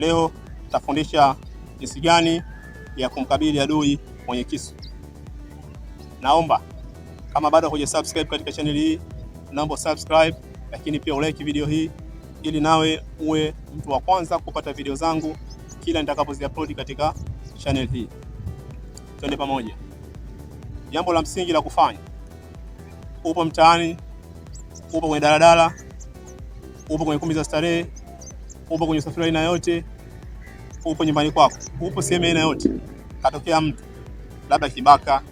Leo tutafundisha jinsi gani ya kumkabili adui mwenye kisu. Naomba kama bado hujasubscribe katika channel hii, naomba subscribe, lakini pia ulike video hii ili nawe uwe mtu wa kwanza kupata video zangu kila upload katika channel hii. Twende pamoja. Jambo la msingi la kufanya, upo mtaani, upo kwenye daladala, upo kwenye kumbi za starehe upo kwenye usafiri aina yote, upo nyumbani kwako, upo sehemu aina yote, katokea mtu labda kibaka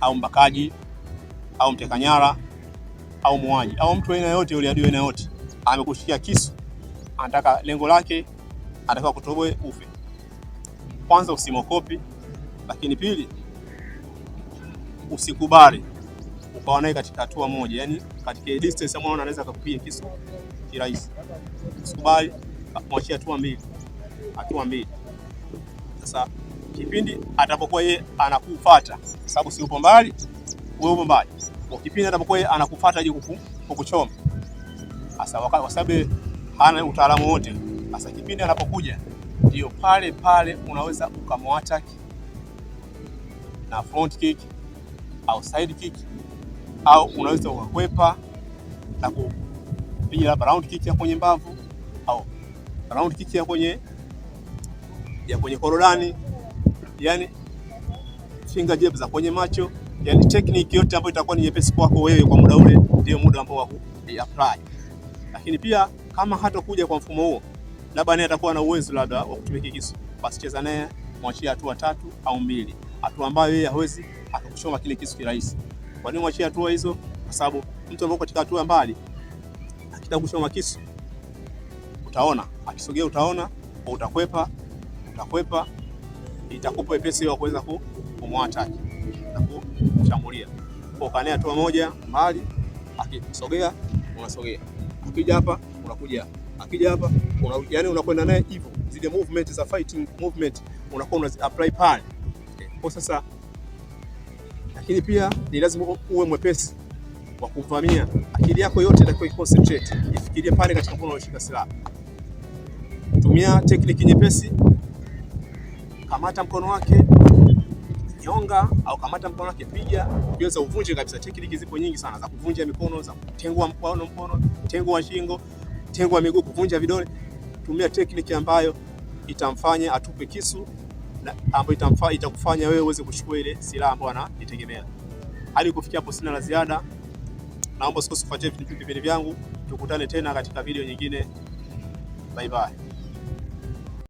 au mbakaji au mtekanyara au muaji au mtu aina yote yule, adui aina yote, amekushikia kisu, anataka lengo lake, anataka kutoboe ufe. Kwanza usimokopi, lakini pili usikubali ukawa naye katika hatua moja, yani katika distance ambayo unaona anaweza kukupiga kisu kirahisi. sikubali mwachie hatua mbili. Hatua mbili. Sasa kipindi atapokuwa yeye anakufuata, sababu si upo mbali, wewe upo mbali. Kwa kipindi atapokuwa yeye anakufuata aje kukuchoma. Sasa kwa sababu hana utaalamu wote. Sasa kipindi anapokuja ndio pale pale unaweza ukamwata na front kick au side kick au unaweza ukakwepa na kupiga labda round kick ya kwenye mbavu au round kick ya kwenye ya kwenye korodani, yani finger jab za kwenye macho, yani technique yote ambayo itakuwa ni nyepesi kwako wewe kwa muda ule, ndio muda ambao wa apply. Lakini pia kama hatakuja kwa mfumo huo, labda naye atakuwa na uwezo labda wa kutumia kikisu, basi cheza naye, mwachie hatua tatu au mbili, hatua ambayo yeye hawezi akakuchoma kile kisu kirahisi. Kwa nini uachie hatua hizo? Kwa sababu mtu ambaye katika hatua mbali akitakushoma kisu utaona, akisogea utaona, au utakwepa, utakwepa, itakupa wepesi wa kuweza kumwacha na kumshambulia. Kwa kanea hatua moja mbali, akisogea unasogea, ukija hapa unakuja akija hapa una, yani unakwenda naye hivyo, zile movement za fighting movement unakuwa una apply pale. Kwa sasa lakini pia ni lazima uwe mwepesi wa kuvamia. Akili yako yote itakuwa concentrate, ifikirie pale katika mkono unaoshika silaha. Tumia tekniki nyepesi, kamata mkono wake nyonga, au kamata mkono wake piga, ukiweza uvunje kabisa. Tekniki zipo nyingi sana za kuvunja mikono, za kutengua mkono, mkono tengua shingo, tengua miguu, kuvunja vidole. Tumia tekniki ambayo itamfanya atupe kisu ambayo itakufanya wewe uweze kuchukua ile silaha ambayo anaitegemea. Hadi kufikia hapo, sina la ziada. Naomba usikose kufuatilia vipindi vyangu. Tukutane tena katika video nyingine. Bye bye.